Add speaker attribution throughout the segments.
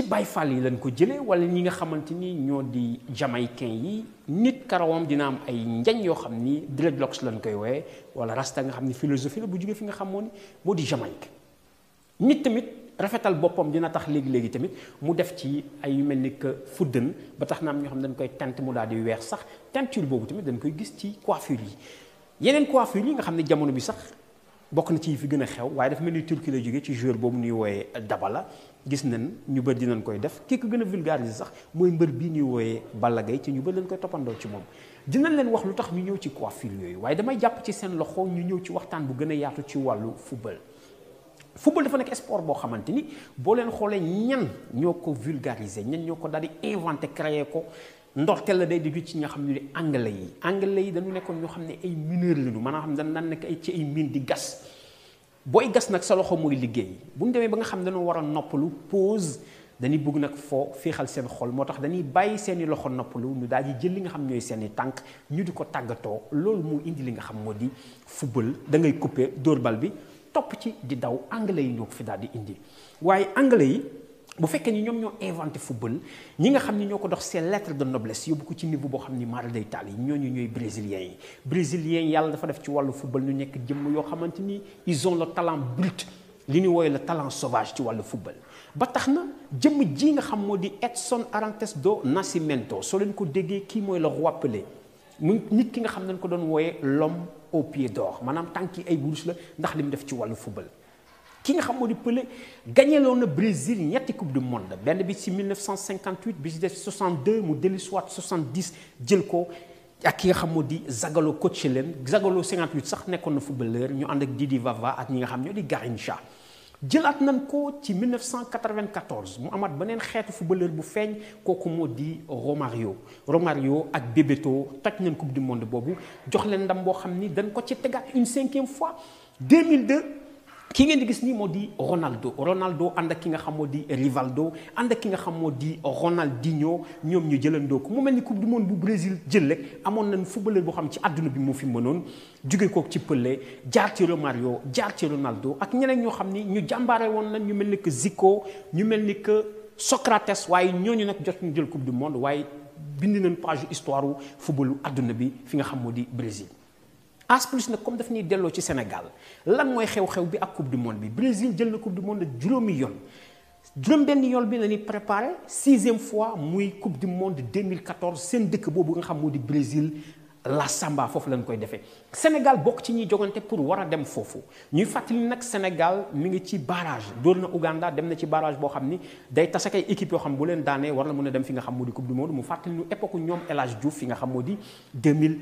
Speaker 1: ci bay fall yi lañ ko jëlé wala ñi nga xamanteni ñoo di jamaïcain yi nit karawam dina am ay ñañ yo xamni dreadlocks lañ koy wé wala rasta nga xamni philosophie la bu jugé fi nga xamoni mo di Jamaïque nit tamit rafetal boppam dina tax leegi légui tamit mu def ci ay yu melni ni que fuddën ba tax na am ñu xam dañ koy teint mu daal di wéx sax teinture bobu tamit dañ koy gis ci coiffure yi yeneen coiffure yi nga xamni jamono bi sax bokk na ci fi gëna xew waye dafa melni turki la jógee ci joueur bobu ñuy woyé Dabala gis nañ ñu bëri dinañ koy def kii ko gën a vulgariser sax mooy mbër bii ñuy wooyee Balla ci ñu bëri lañ koy toppandoo ci moom dinañ leen wax lu tax ñu ñëw ci coiffure yooyu waaye damay jàpp ci seen loxo ñu ñëw ci waxtaan bu gën a yaatu ci wàllu football. football dafa nekk sport boo xamante ni boo leen xoolee ñan ñoo ko vulgariser ñen ñoo ko daal di inventé créé ko ndorteel la day di ci ña xam ne anglais yi anglais yi dañu nekkoon ñoo xam ne ay mineurs lañu maanaam xam ne dañ naan nekk ci ay mine di gas. boy gas nak sa loxo moy liggey buñu démé ba nga xam dañu wara war a noppalu pause dañuy bëgg nag foo féexal seen xol motax dañi bàyyi seeni loxo noppalu ñu daaji jël li nga xam ñoy seeni tànk ñu diko tagato lool mu indi li nga xam modi football da ngay couper dóor bal bi top ci di daw anglais yi ñoo fi daal di indi waaye anglais yi. bu fekkee ni ñoom ñoo inventé football ñi nga xam ni ñoo ko dox seen lettres de noblesse yóbbu ko ci niveau boo xam ni maara day taal yi ñooñu ñooy brésilien yi brésiliens yàlla dafa def ci wàllu football ñu nekk jëmm yoo xamante ni ils ont le talent brut li ñu wooye le talent sauvage ci wàllu football ba tax na jëmm ji nga xam moo di Edson Arantes do Nascimento soo leen ko déggee kii mooy le roi Pelé mu nit ki nga xam nañ ko doon wooyee l'homme aux pieds d'or maanaam tànk ay wurus la ndax li mu def ci wàllu football ki nga xam gagné le Brésil il na Brésil ñetti coupe du monde benn bi 1958 Brésil 62 mu soit 70 jël ko ak ki nga xam Zagallo coaché Zagallo 58 sax nekkoon footballeur ñu ànd ak Didi Vava ak ñi nga xam ñoo di Garrincha jëlaat nañ ko 1994 Mohamed amaat chef de footballeur bu feeñ modi Romario Romario ak Bebeto toj nañ coupe du monde Bobu jox leen ndam boo xam une cinquième fois 2002 ki ngeen di gis ni moo di Ronaldo Ronaldo ànd ak ki nga xam moo di Rivaldo ànd ak ki nga xam moo Ronaldinho ñoom ñu jëlandoo ko mu mel ni coupe du monde bu Brésil jël rek amoon nañ footballeur boo xam ci àdduna bi moo fi mënoon jóge ko ci Pelé jaar ci Romario jaar ci Ronaldo ak ñeneen ñoo xam ni ñu jàmbaare woon nañ ñu mel ni que Zico ñu mel que Socrates waaye ñooñu nag jot ñu jël coupe du monde waaye bind nañ page histoire footballu àdduna bi fi nga xam moo di Brésil as plus nag comme daf ñuy ci Sénégal lan moy xew-xew bi ak coupe du monde bi Brésil jël na coupe du monde juróomi yoon juróom benn yoon bi la ñuy 6 sixième fois muy coupe du monde 2014 seen dëkk boobu nga xam moo di Brésil la samba foofu lañ koy defee Sénégal bokk ci ñuy jogante pour war a dem foofu ñuy fàttali nag Sénégal mu ngi ci barrage dóor na Ouganda dem na ci barage boo xam ni day tas ak ay équipe yoo xam bu leen daanee war na mën fi nga xam moo di coupe du monde mu fàttali ñoom El Hadj fi nga xam moo di 2002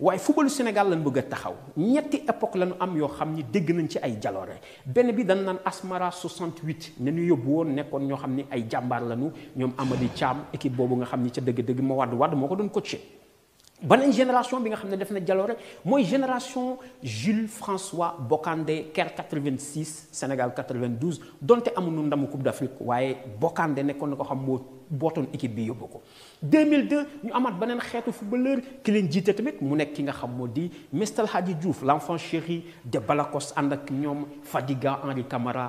Speaker 1: waaye footballu Sénégal lañ bëgg a taxaw ñetti époque lañu am yoo xam ni dégg nañ ci ay jaloore benn bi dañ naan Asmara 68 ne ñu yóbbu woon nekkoon ñoo xam ni ay jàmbaar lañu ñoom Amady Thiam équipe boobu nga xam ni ca dëgg-dëgg Mawade Wade moo ko doon coaché Bonne génération bi nga xam ne def na jaloore mooy génération Jules François Bokandé Ker 86 Sénégal 92 donte amunu ndamu Coupe d'Afrique waaye Bokandé nekkoon na ko xam moo équipe bi 2002 ñu amaat beneen xeetu footballeur ki leen jiite tamit mu nekk ki nga xam moo Mestal Hadji Diouf l'enfant chéri de Balakos ànd ak Fadiga Henri Camara.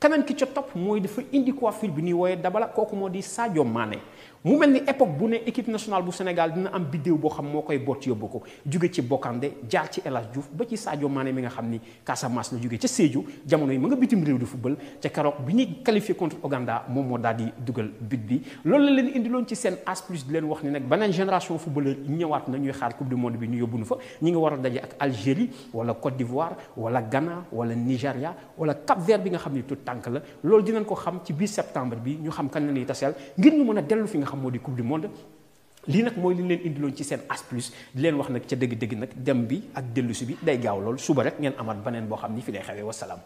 Speaker 1: kamen ki ci top moy dafa indi coiffure bi ni woyé dabala koku moo di Sadio Mané mu melni époque bu équipe nationale bu Sénégal dina am vidéo bo xam mo koy bot yóbbu ko ci Bokande jaar ci El Hadj Diouf ba ci Sadio Mané mi nga xam ni Casamance la jugé ci Sédhiou jamono yi ma nga bitim rew du football ci keroog bi ni qualifié contre Ouganda moom moo daal di but bi lolou la leen lon ci sen as plus di leen wax ni nak beneen génération footballeur ñëwaat na ñuy xaar coupe du monde bi ñu yóbbu nu fa ñi ngi war dajé ak Algérie wala Côte d'Ivoire wala Ghana wala nigeria wala Cap Vert bi nga xam ni tànk la loolu dinañ ko xam ci biir septembre bi ñu xam kan la ñuy taseel ngir ñu mën a dellu fi nga xam moo di coupe du monde li nag mooy li leen indiloon ci seen as plus di leen wax nag ca dëgg-dëgg nag dem bi ak dellusi bi day gaaw lool suba rek ngeen amat beneen boo xam ni fi lay xewee wasalaam.